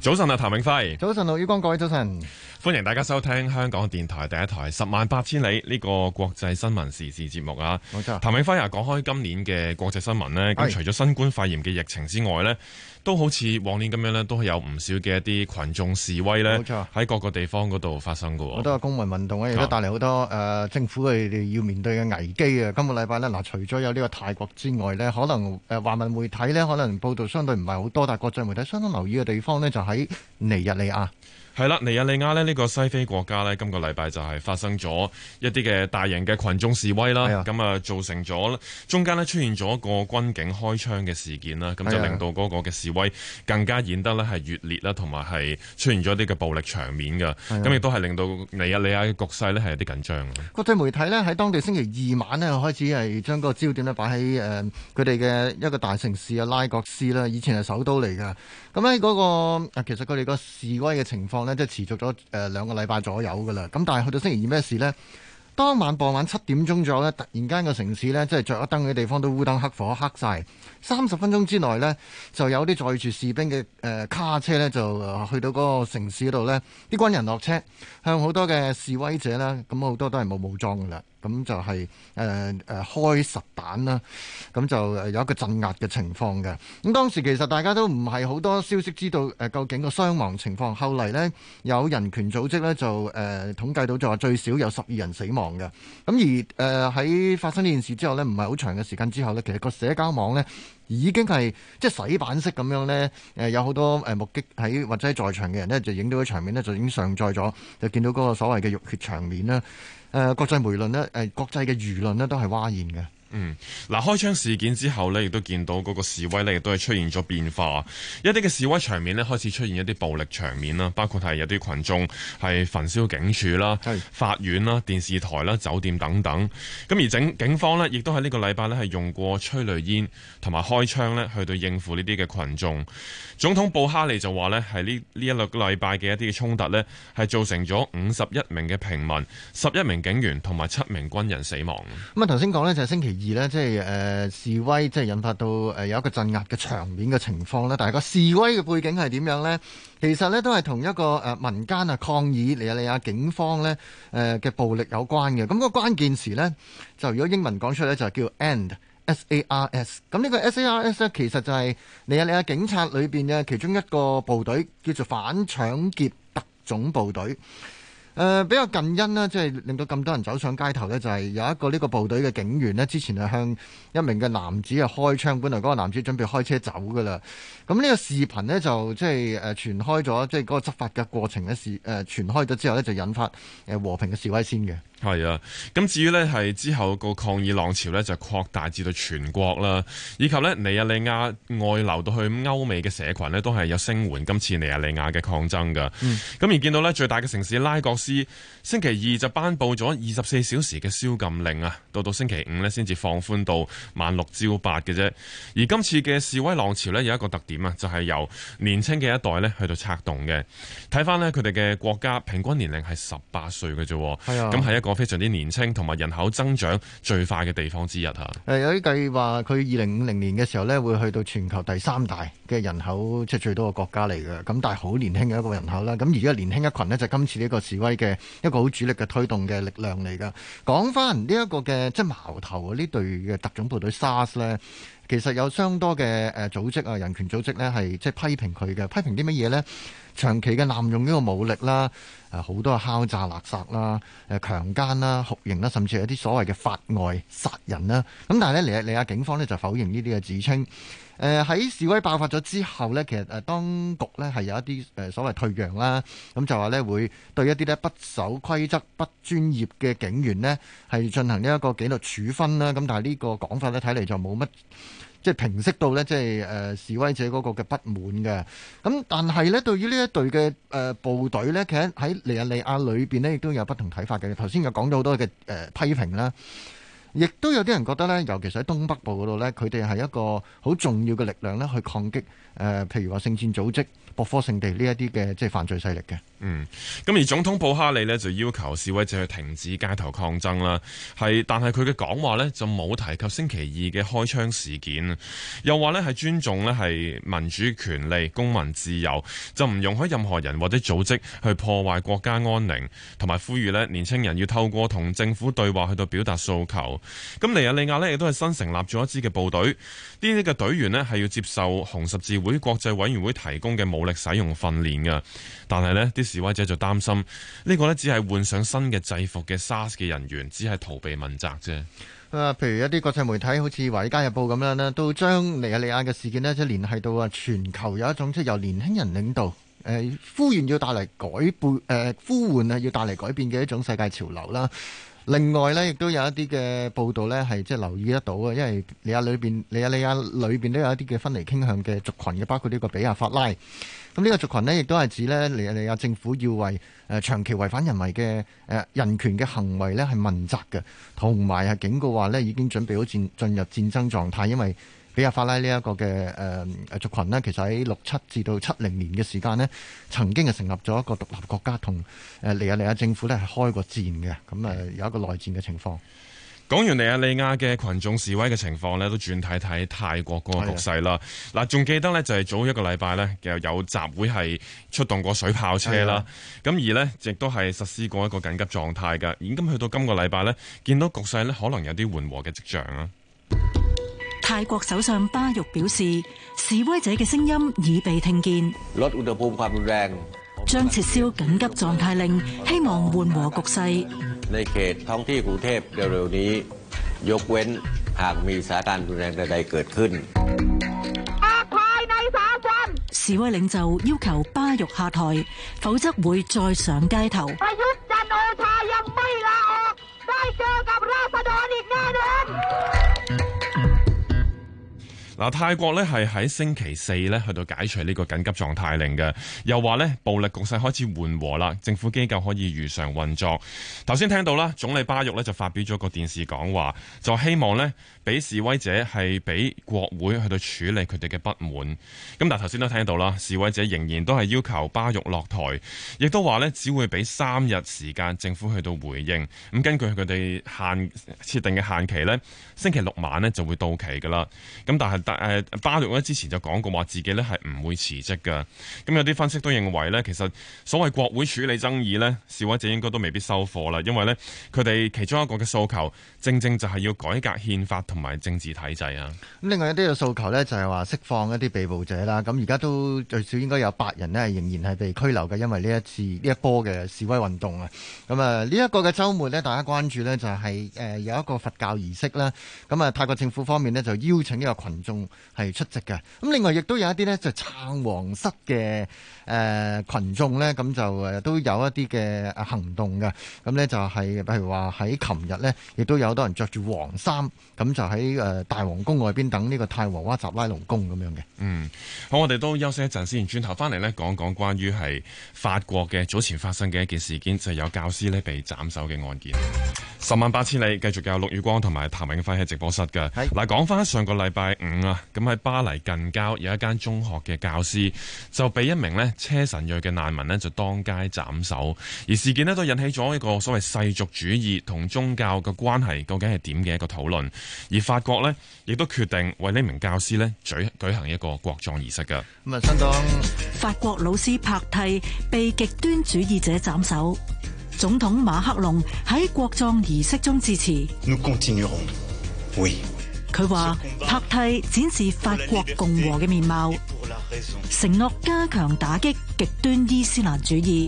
早晨啊，譚永輝。早晨，盧宇光，各位早晨，歡迎大家收聽香港電台第一台《十萬八千里》呢個國際新聞時事節目啊。冇錯。譚永輝啊，講開今年嘅國際新聞呢，咁除咗新冠肺炎嘅疫情之外呢。都好似往年咁樣咧，都係有唔少嘅一啲群眾示威咧，喺各個地方嗰度發生嘅。冇錯，好多公民運動啊，亦都帶嚟好多誒政府佢哋要面對嘅危機啊。的今個禮拜咧，嗱，除咗有呢個泰國之外咧，可能誒華文媒體咧，可能報道相對唔係好多，但國際媒體相當留意嘅地方咧，就喺尼日利亞。係啦，尼日利亞呢個西非國家呢，今個禮拜就係發生咗一啲嘅大型嘅群眾示威啦。咁啊，造成咗中間呢出現咗個軍警開槍嘅事件啦。咁就令到嗰個嘅示威更加演得呢係越烈啦，同埋係出現咗啲嘅暴力場面噶。咁亦都係令到尼日利亞嘅局勢呢係有啲緊張嘅。國際媒體呢，喺當地星期二晚呢開始係將個焦點呢擺喺誒佢哋嘅一個大城市啊拉各斯啦，以前係首都嚟㗎。咁喺嗰個啊，其實佢哋個示威嘅情況呢，即係持續咗誒、呃、兩個禮拜左右噶啦。咁但係去到星期二咩事呢？當晚傍晚七點鐘左右呢，突然間個城市呢，即係着一燈嘅地方都烏燈黑火黑晒。三十分鐘之內呢，就有啲載住士兵嘅、呃、卡車呢，就、呃、去到嗰個城市嗰度呢。啲軍人落車向好多嘅示威者呢，咁好多都係冇武裝噶啦，咁就係誒誒開實彈啦。咁就有一個鎮壓嘅情況嘅。咁當時其實大家都唔係好多消息知道、呃、究竟個傷亡情況。後嚟呢，有人權組織呢，就誒、呃、統計到就話最少有十二人死亡嘅。咁而誒喺、呃、發生呢件事之後呢，唔係好長嘅時間之後呢，其實個社交網呢。已經係即係洗版式咁樣呢、呃，有好多、呃、目擊喺或者在場嘅人呢，就影到啲場面呢，就已經上載咗，就見到嗰個所謂嘅浴血場面啦、呃。國際媒論呢、呃、國際嘅輿論呢都係嘩然嘅。嗯，嗱、啊，開槍事件之後咧，亦都見到嗰個示威咧，亦都係出現咗變化，一啲嘅示威場面咧開始出現一啲暴力場面啦，包括係有啲群眾係焚燒警署啦、法院啦、電視台啦、酒店等等。咁而整警方咧，亦都喺呢個禮拜咧係用過催淚煙同埋開槍咧去對應付呢啲嘅群眾。總統布哈利就話咧，係呢呢一個禮拜嘅一啲嘅衝突咧，係造成咗五十一名嘅平民、十一名警員同埋七名軍人死亡。咁、嗯、啊，頭先講咧就係星期而咧，即係誒、呃、示威，即係引發到誒、呃、有一個鎮壓嘅場面嘅情況咧。但係個示威嘅背景係點樣呢？其實咧都係同一個誒民間啊、呃、抗議尼日利亞警方咧誒嘅暴力有關嘅。咁、那個關鍵詞呢，就如果英文講出嚟，就係叫 End SARS。咁呢個 SARS 呢，其實就係尼日利亞警察裏邊嘅其中一個部隊叫做反搶劫特種部隊。誒、呃，比較近因咧，即、就、係、是，令到咁多人走上街頭咧，就係、是，有一個呢個部隊嘅警員咧，之前係向一名嘅男子啊開槍，本來嗰個男子準備開車走噶啦，咁呢個視頻呢就即係誒傳開咗，即係嗰個執法嘅過程咧是誒傳開咗之後咧，就引發誒、呃，和平嘅示威先嘅。係啊，咁至於呢，係之後個抗議浪潮呢，就擴大至到全國啦，以及呢，尼日利亞外流到去歐美嘅社群呢，都係有聲援今次尼日利亞嘅抗爭嘅。咁、嗯、而見到呢，最大嘅城市拉各斯，星期二就頒佈咗二十四小時嘅宵禁令啊，到到星期五呢，先至放寬到晚六朝八嘅啫。而今次嘅示威浪潮呢，有一個特點啊，就係、是、由年輕嘅一代呢，去到策動嘅。睇翻呢，佢哋嘅國家平均年齡係十八歲嘅啫，咁、哎、係一個。我非常之年輕同埋人口增長最快嘅地方之一嚇，誒有一計話佢二零五零年嘅時候咧，會去到全球第三大嘅人口，即係最多嘅國家嚟嘅。咁但係好年輕嘅一個人口啦。咁而家年輕一群呢，就今次呢個示威嘅一個好主力嘅推動嘅力量嚟噶。講翻呢一個嘅即係矛頭啊，呢隊嘅特種部隊 SARS 呢。其實有相當多嘅誒組織啊，人權組織呢，係即係批評佢嘅，批評啲乜嘢呢？長期嘅濫用呢個武力啦，誒好多嘅敲詐勒索啦，誒強姦啦、酷刑啦，甚至係一啲所謂嘅法外殺人啦。咁但係咧，尼日利亞警方呢，就否認呢啲嘅指稱。誒、呃、喺示威爆發咗之後呢，其實誒當局呢係有一啲誒所謂退讓啦，咁就話呢會對一啲呢不守規則、不專業嘅警員呢係進行呢一個紀律處分啦。咁但係呢個講法呢睇嚟就冇乜即係平息到呢，即係誒示威者嗰個嘅不滿嘅。咁但係呢，對於呢一隊嘅誒部隊呢，其實喺尼日利亞裏邊呢亦都有不同睇法嘅。頭先又講咗好多嘅誒批評啦。亦都有啲人覺得咧，尤其是喺東北部嗰度咧，佢哋係一個好重要嘅力量咧，去抗擊，呃，譬如話聖戰組織。博科聖地呢一啲嘅即係犯罪勢力嘅。嗯，咁而總統布哈里咧就要求示威者去停止街頭抗爭啦。係，但係佢嘅講話咧就冇提及星期二嘅開槍事件，又話咧係尊重咧係民主權利、公民自由，就唔容許任何人或者組織去破壞國家安寧，同埋呼籲咧年青人要透過同政府對話去到表達訴求。咁尼日利亞咧亦都係新成立咗一支嘅部隊，呢啲嘅隊員咧係要接受紅十字會國際委員會提供嘅武努力使用訓練噶，但係呢啲示威者就擔心、這個、呢個咧，只係換上新嘅制服嘅 SARS 嘅人員，只係逃避問責啫。啊，譬如一啲國際媒體，好似《華爾街日報》咁樣呢，都將尼日利亞嘅事件呢，即係聯繫到啊，全球有一種即係由年輕人領導，誒、呃，呼籲要帶嚟改變，誒、呃，呼喚啊，要帶嚟改變嘅一種世界潮流啦。另外呢，亦都有一啲嘅報導呢，係即係留意得到嘅，因為尼日利亞裏邊，尼日利亞裏邊都有一啲嘅分離傾向嘅族群嘅，包括呢個比亞法拉。咁、嗯、呢、呢個族群呢，亦都係指呢，尼日利亞政府要為誒、呃、長期違反人民嘅、呃、人權嘅行為呢，係問責嘅，同埋係警告話呢，已經準備好戰進入戰爭狀態，因為，比亞法拉呢一個嘅誒族群呢，其實喺六七至到七零年嘅時間呢，曾經係成立咗一個獨立國家，同誒尼日利亞政府呢，係開過戰嘅，咁誒有一個內戰嘅情況。講完尼日利亞嘅群眾示威嘅情況呢，都轉睇睇泰國嗰個局勢啦。嗱，仲記得呢，就係早一個禮拜呢，又有集會係出動過水炮車啦，咁而呢，亦都係實施過一個緊急狀態㗎。已經去到今個禮拜呢，見到局勢呢，可能有啲緩和嘅跡象啊。泰國首相巴育表示，示威者嘅聲音已被聽見，將撤銷緊急狀態令，希望緩和局勢。示威領袖要求巴育下台，否則會再上街頭。嗱，泰國咧係喺星期四咧去到解除呢個緊急狀態令嘅，又話咧暴力局勢開始緩和啦，政府機構可以如常運作。頭先聽到啦，總理巴育咧就發表咗個電視講話，就希望咧俾示威者係俾國會去到處理佢哋嘅不滿。咁但係頭先都聽到啦，示威者仍然都係要求巴育落台，亦都話咧只會俾三日時間政府去到回應。咁根據佢哋限設定嘅限期咧，星期六晚咧就會到期噶啦。咁但係。誒巴育之前就講過話自己咧係唔會辭職嘅，咁有啲分析都認為咧，其實所謂國會處理爭議咧，示威者應該都未必收貨啦，因為咧佢哋其中一個嘅訴求，正正就係要改革憲法同埋政治體制啊。咁另外一啲嘅訴求咧，就係話釋放一啲被捕者啦。咁而家都最少應該有八人咧，仍然係被拘留嘅，因為呢一次呢一波嘅示威運動啊。咁啊呢一個嘅週末咧，大家關注呢就係誒有一個佛教儀式啦。咁啊泰國政府方面呢，就邀請呢個群眾，係出席嘅，咁另外亦都有一啲呢，就撐皇室嘅誒羣眾呢，咁就誒都有一啲嘅行動嘅，咁呢就係、是、譬如話喺琴日呢，亦都有好多人着住黃衫，咁就喺誒大皇宮外邊等呢個泰皇哇集拉隆功咁樣嘅。嗯，好，我哋都休息一陣先，轉頭翻嚟呢講講關於係法國嘅早前發生嘅一件事件，就係、是、有教師呢被斬首嘅案件。十萬八千里，繼續有陸宇光同埋譚永輝喺直播室嘅。係，嗱講翻上個禮拜五。咁喺巴黎近郊有一間中學嘅教師就被一名呢車臣裔嘅難民呢就當街斬首，而事件呢都引起咗一個所謂世俗主義同宗教嘅關係究竟係點嘅一個討論，而法國呢亦都決定為呢名教師呢舉舉行一個國葬儀式嘅。咁啊，新法國老師帕蒂被極端主義者斬首，總統馬克龍喺國葬儀式中致辭。嗯佢話：帕蒂展示法國共和嘅面貌，承諾加強打擊極端伊斯蘭主義。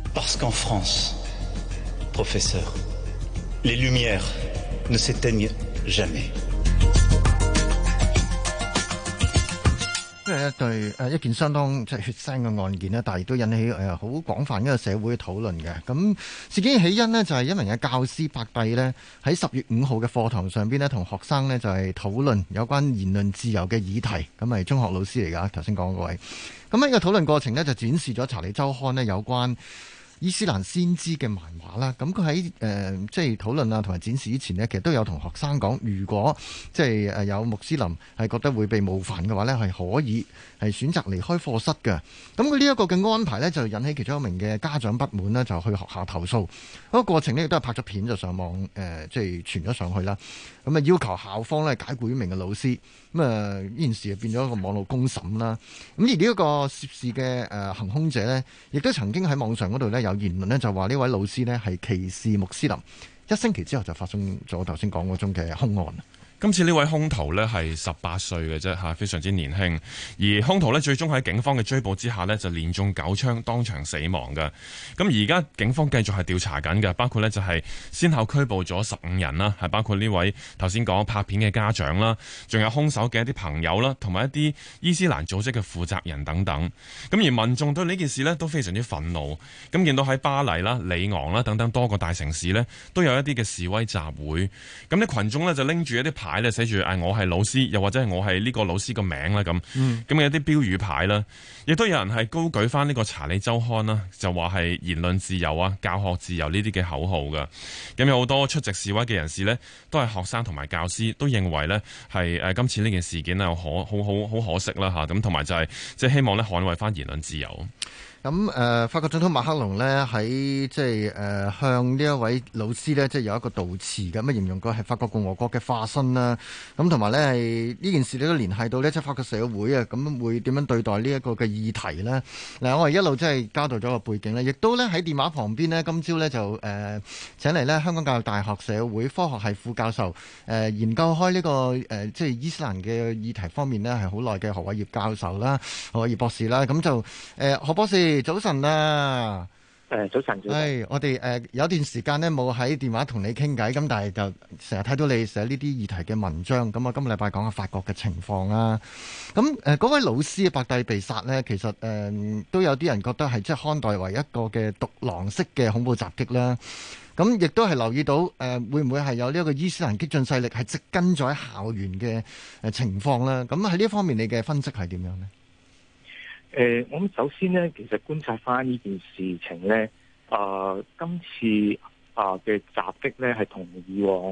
一對一件相當即血腥嘅案件咧，但係亦都引起誒好廣泛一個社會討論嘅。咁事件起因呢，就係一名嘅教師白帝呢，喺十月五號嘅課堂上邊呢，同學生呢，就係討論有關言論自由嘅議題。咁係中學老師嚟㗎，頭先講嗰位。咁、這、呢個討論過程呢，就展示咗《查理周刊》呢有關。伊斯蘭先知嘅漫畫啦，咁佢喺誒即係討論啊，同埋展示之前呢，其實都有同學生講，如果即係誒有穆斯林係覺得會被冒犯嘅話呢，係可以係選擇離開課室嘅。咁佢呢一個嘅安排呢，就引起其中一名嘅家長不滿呢，就去學校投訴。嗰個過程呢，亦都係拍咗片就上網誒，即係傳咗上去啦。咁啊，要求校方咧解僱一名嘅老師，咁啊呢件事就變咗一個網絡公審啦。咁而呢一個涉事嘅誒行兇者呢，亦都曾經喺網上嗰度呢有言論呢，就話呢位老師呢係歧視穆斯林。一星期之後就發生咗頭先講嗰宗嘅兇案。今次呢位兇徒呢，係十八歲嘅啫，吓非常之年輕。而兇徒呢，最終喺警方嘅追捕之下呢，就連中九槍，當場死亡嘅。咁而家警方繼續係調查緊嘅，包括呢就係先後拘捕咗十五人啦，係包括呢位頭先講拍片嘅家長啦，仲有凶手嘅一啲朋友啦，同埋一啲伊斯蘭組織嘅負責人等等。咁而民眾對呢件事呢都非常之憤怒。咁見到喺巴黎啦、里昂啦等等多個大城市呢，都有一啲嘅示威集會。咁啲群眾呢，就拎住一啲牌咧寫住誒，我係老師，又或者係我係呢個老師個名咧咁。咁、嗯、有啲標語牌啦，亦都有人係高舉翻呢個《查理周刊》啦，就話係言論自由啊、教學自由呢啲嘅口號嘅。咁有好多出席示威嘅人士呢，都係學生同埋教師都認為呢係誒，今次呢件事件啊，可好好好可惜啦吓。咁同埋就係即係希望呢捍衛翻言論自由。咁誒、呃，法國總統馬克龍呢，喺即係誒、呃、向呢一位老師呢，即係有一個悼詞嘅咁啊，形容佢係法國共和國嘅化身啦。咁同埋呢，係呢件事你都聯繫到呢，即係法國社會啊，咁會點樣對待呢一個嘅議題呢？嗱，我哋一路即係交代咗個背景呢，亦都呢喺電話旁邊呢。今朝呢、呃、呢，就誒請嚟呢香港教育大學社會科學系副教授誒、呃、研究開呢、這個、呃、即係伊斯蘭嘅議題方面呢，係好耐嘅何偉業教授啦，何偉業博士啦，咁就誒何博士。啊。早晨啦，誒，早晨。早晨，誒，我哋誒有段時間咧冇喺電話同你傾偈，咁但係就成日睇到你寫呢啲議題嘅文章。咁我今個禮拜講下法國嘅情況啦。咁誒，嗰位老師白帝被殺呢，其實誒、嗯、都有啲人覺得係即係看待為一個嘅獨狼式嘅恐怖襲擊啦。咁亦都係留意到誒，會唔會係有呢個伊斯蘭激進勢力係即跟咗喺校園嘅誒情況啦。咁喺呢方面你嘅分析係點樣呢？誒、呃，我諗首先咧，其實觀察翻呢件事情咧，啊、呃，今次啊嘅襲擊咧，係、呃、同以往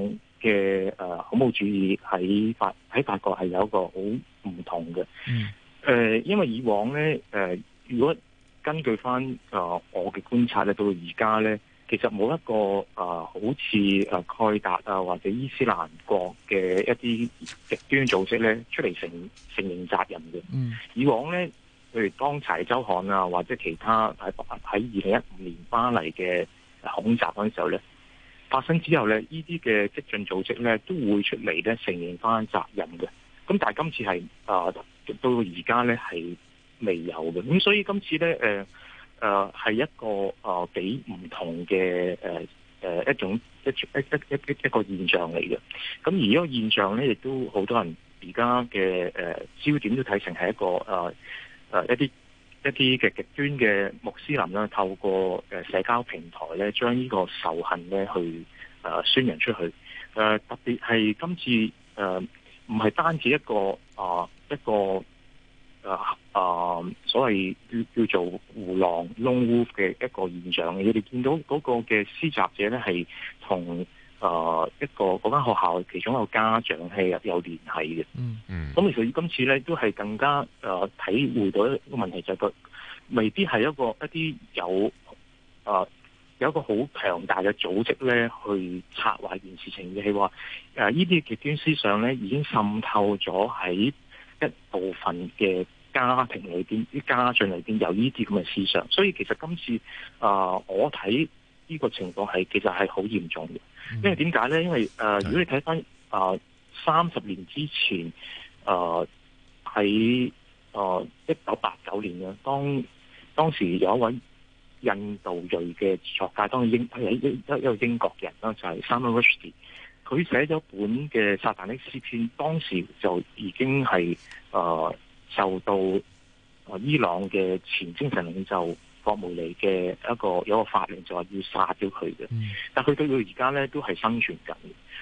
嘅誒、呃、恐怖主義喺法喺法國係有一個好唔同嘅。嗯。誒、呃，因為以往咧，誒、呃，如果根據翻誒我嘅觀察咧，到而家咧，其實冇一個誒、呃、好似誒蓋達啊，或者伊斯蘭國嘅一啲極端組織咧，出嚟承承認責任嘅。嗯。以往咧。譬如當查理周刊啊，或者其他喺喺二零一五年巴黎嚟嘅恐襲嗰陣時候咧，發生之後咧，呢啲嘅激進組織咧都會出嚟咧承認翻責任嘅。咁但係今次係啊到而家咧，係未有嘅。咁所以今次咧，誒誒係一個啊幾唔同嘅誒誒一種一一一一一一個現象嚟嘅。咁而呢個現象咧，亦都好多人而家嘅誒焦點都睇成係一個啊。誒、呃、一啲一啲嘅極端嘅穆斯林咧，透過誒社交平台咧，將呢個仇恨咧去誒、呃、宣揚出去。誒、呃、特別係今次誒，唔、呃、係單止一個啊、呃、一個誒誒、呃呃、所謂叫叫做胡狼 lone wolf 嘅一個現象，你哋見到嗰個嘅施襲者咧係同，啊、呃，一個嗰間學校，其中有家長係有聯繫嘅。嗯嗯。咁其實今次咧都係更加啊、呃、體會到一個問題，就係、是、佢未必係一個一啲有啊、呃、有一個好強大嘅組織咧去策劃件事情嘅。係話誒，呢、呃、啲極端思想咧已經滲透咗喺一部分嘅家庭裏邊，啲家長裏邊，有呢啲咁嘅思想。所以其實今次啊、呃，我睇呢個情況係其實係好嚴重嘅。因為點解咧？因為誒、呃，如果你睇翻誒三十年之前誒喺誒一九八九年嘅當，當時有一位印度裔嘅作家，當時英係一一個英國人啦，就係 Salman Rushdie，佢寫咗一本嘅《撒旦的詩篇》，當時就已經係誒受到誒伊朗嘅前精神領袖。霍梅尼嘅一個有一個法令就話、是、要殺掉佢嘅、嗯，但佢到到而家咧都係生存緊。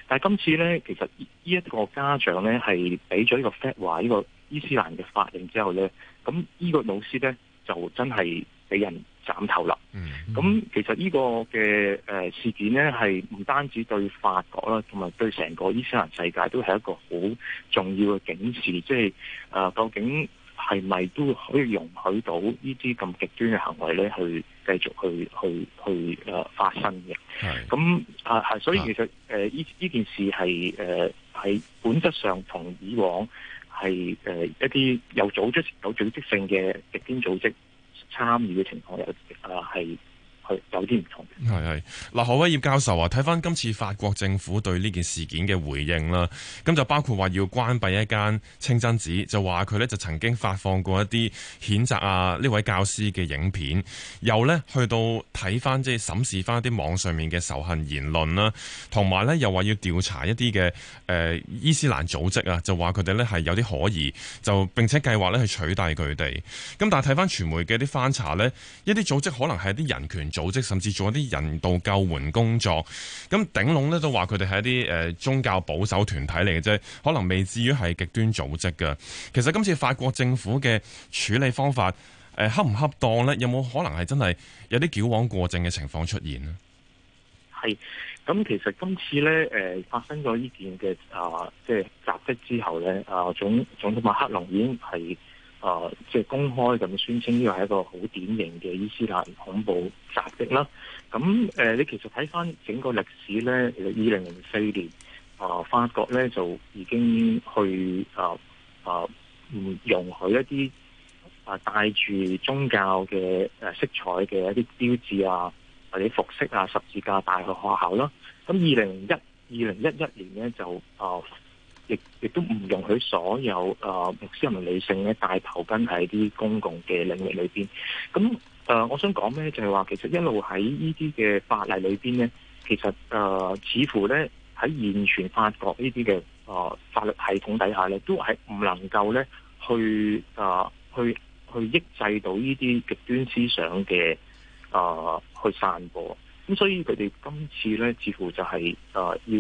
但係今次咧，其實呢一個家長咧係俾咗一個 fatwa 話呢、呢個伊斯蘭嘅法令之後咧，咁呢個老師咧就真係俾人斬頭啦。咁、嗯嗯、其實呢個嘅事件咧係唔單止對法國啦，同埋對成個伊斯蘭世界都係一個好重要嘅警示，即、就、係、是呃、究竟。係咪都可以容許到呢啲咁極端嘅行為咧，去繼續去去去誒發生嘅？咁啊，係所以其實誒呢呢件事係誒喺本質上同以往係誒、呃、一啲有組織有組織性嘅極端組織參與嘅情況有誒係。啊有啲唔同，係係嗱，何偉業教授啊，睇翻今次法國政府對呢件事件嘅回應啦，咁就包括話要關閉一間清真寺，就話佢呢就曾經發放過一啲譴責啊呢位教師嘅影片，又呢去到睇翻即係審視翻一啲網上面嘅仇恨言論啦，同埋呢又話要調查一啲嘅誒伊斯蘭組織啊，就話佢哋呢係有啲可疑，就並且計劃呢去取締佢哋，咁但係睇翻傳媒嘅啲翻查呢，一啲組織可能係啲人權。組織甚至做一啲人道救援工作，咁頂籠咧都話佢哋係一啲誒、呃、宗教保守團體嚟嘅啫，可能未至於係極端組織嘅。其實今次法國政府嘅處理方法誒、呃、恰唔恰當咧？有冇可能係真係有啲矯枉過正嘅情況出現咧？係咁，其實今次咧誒、呃、發生咗呢件嘅啊、呃、即係襲擊之後咧啊、呃，總總統馬克龍已經係。啊、呃，即係公開咁宣稱呢個係一個好典型嘅伊斯蘭恐怖襲擊啦。咁誒、呃，你其實睇翻整個歷史咧，二零零四年啊、呃，法國咧就已經去啊啊唔容許一啲啊帶住宗教嘅誒、呃、色彩嘅一啲標誌啊或者服飾啊十字架帶去學校啦。咁二零一二零一一年咧就啊。呃亦亦都唔容許所有誒牧師同埋女性咧帶頭巾喺啲公共嘅領域裏邊。咁誒、呃，我想講咩咧？就係、是、話，其實一路喺呢啲嘅法例裏邊咧，其實誒、呃、似乎咧喺完全法國呢啲嘅誒法律系統底下咧，都係唔能夠咧去誒、呃、去、呃、去抑制到呢啲極端思想嘅誒、呃、去散播。咁所以佢哋今次咧，似乎就係、是、誒、呃、要。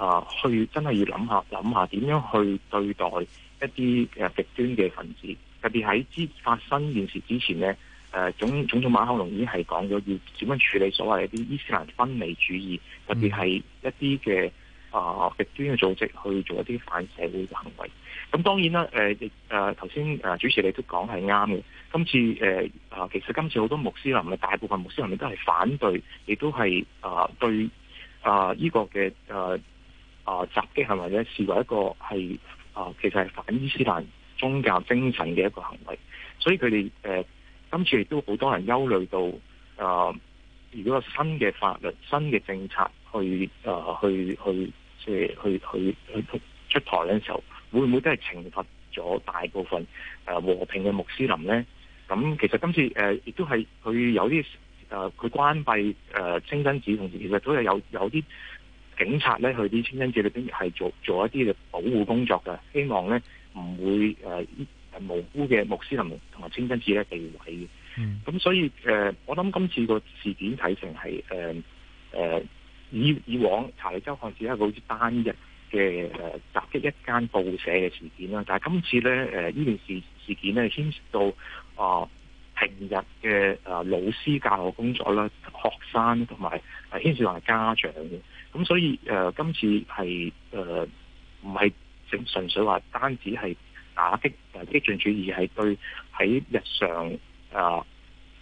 啊！去真係要諗下諗下點樣去對待一啲誒極端嘅分子，特別喺之發生現時之前呢誒總總總統馬克龍已經係講咗要點樣處理所謂一啲伊斯蘭分離主義，特別係一啲嘅啊極端嘅組織去做一啲反社會嘅行為。咁當然啦，誒誒頭先誒主持你都講係啱嘅。今次誒啊，其實今次好多穆斯林嘅大部分穆斯林你都係反對，亦都係啊對、這個、啊呢個嘅誒。啊、呃！襲擊行為咧視為一個係啊、呃，其實係反伊斯蘭宗教精神嘅一個行為，所以佢哋誒今次亦都好多人憂慮到啊、呃，如果有新嘅法律、新嘅政策去啊、呃、去去即係去去去，去出台嘅時候，會唔會都係懲罰咗大部分誒、呃、和平嘅穆斯林咧？咁其實今次誒亦、呃、都係佢有啲誒佢關閉誒、呃、清真寺，同時其實都係有有啲。警察咧去啲清真寺裏邊係做做一啲嘅保護工作嘅，希望咧唔會誒誒、呃、無辜嘅穆斯林同埋清真寺被毀嘅。咁、嗯、所以誒、呃，我諗今次個事件睇成係誒誒以以往查理周刊只係一個好似單日嘅誒襲擊一間報社嘅事件啦，但係今次咧誒呢、呃、件事事件咧牽涉到啊、呃、平日嘅啊、呃、老師教學工作啦，學生同埋牽涉埋家長嘅。咁所以誒、呃，今次係誒，唔係整純粹話單止係打擊誒激進主義，係對喺日常啊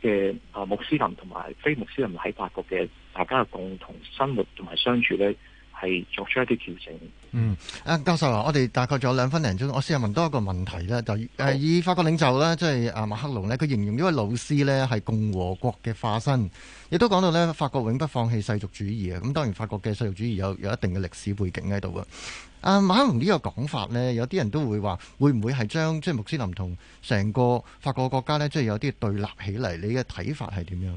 嘅啊穆斯林同埋非穆斯林喺法國嘅大家嘅共同生活同埋相處咧。係作出一啲調整。嗯，阿教授啊，我哋大概仲有兩分零鐘，我試下問多一個問題咧，就是、以法國領袖、就是、呢，即係阿馬克龍呢，佢形容呢位老師呢係共和國嘅化身，亦都講到呢，法國永不放棄世俗主義啊。咁當然法國嘅世俗主義有有一定嘅歷史背景喺度啊。阿馬克龍呢個講法呢，有啲人都會話，會唔會係將即係、就是、穆斯林同成個法國國家呢？即、就、係、是、有啲對立起嚟？你嘅睇法係點樣？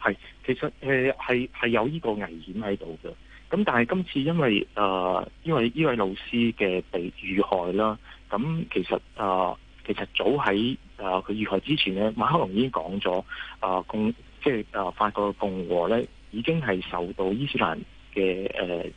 係，其實誒係係有呢個危險喺度嘅。咁但係今次因為誒、呃、因為呢位老師嘅被遇害啦，咁其實誒、呃、其實早喺誒佢遇害之前咧，馬克龍已經講咗，啊、呃、共即係誒法國共和咧已經係受到伊斯蘭嘅誒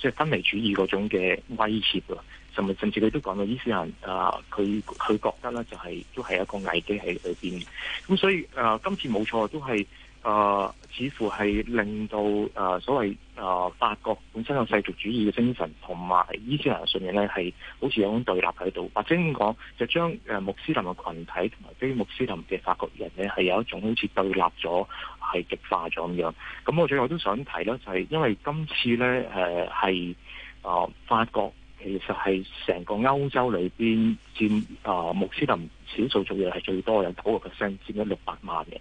即係分離主義嗰種嘅威脅啊，甚至甚至佢都講到伊斯蘭啊佢佢覺得咧就係、係、都係一個危機喺裏邊。咁所以誒、呃、今次冇錯都係。誒、呃、似乎係令到誒、呃、所謂誒、呃、法國本身有世俗主義嘅精神，同埋伊斯蘭嘅信仰咧，係好似有一種對立喺度。或者點講，就將誒、呃、穆斯林嘅群體同埋非穆斯林嘅法國人咧，係有一種好似對立咗、係極化咗咁樣。咁我最後都想提啦，就係、是、因為今次咧誒係啊法國其實係成個歐洲裏邊佔啊、呃、穆斯林少數族裔係最多、最多，有九個 percent，佔咗六百萬人。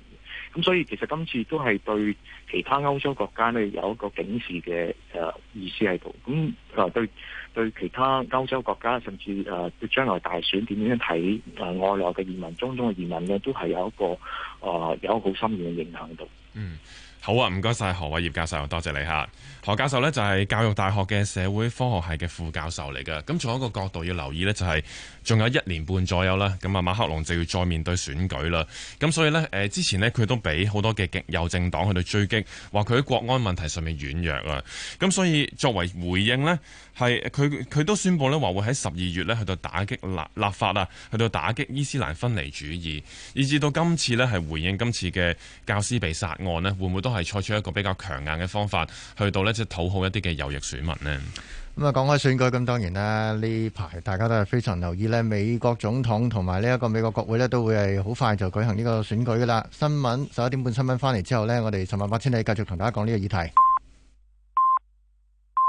咁所以其實今次都係對其他歐洲國家呢，有一個警示嘅誒意思喺度，咁誒對對其他歐洲國家甚至誒對將來大選點樣睇誒外來嘅移民、中東嘅移民呢，都係有一個誒有一個好深遠嘅影響度。嗯，好啊，唔該晒何偉業教授，多謝你吓。何教授呢就係教育大學嘅社會科學系嘅副教授嚟噶，咁仲有一個角度要留意呢就係、是、仲有一年半左右啦，咁啊，馬克龍就要再面對選舉啦。咁所以咧，誒之前咧，佢都俾好多嘅極右政黨去到追擊，話佢喺國安問題上面軟弱啊。咁所以作為回應咧，係佢佢都宣佈咧話會喺十二月咧去到打擊立立法啊，去到打擊伊斯蘭分離主義，以至到今次咧係回應今次嘅教師被殺案咧，會唔會都係採取一個比較強硬嘅方法去到咧即討好一啲嘅右翼選民咧？咁講開選舉，咁當然啦，呢排大家都係非常留意美國總統同埋呢一個美國國會都會係好快就舉行呢個選舉啦。新聞十一點半新聞返嚟之後呢，我哋十萬八千里繼續同大家講呢個議題。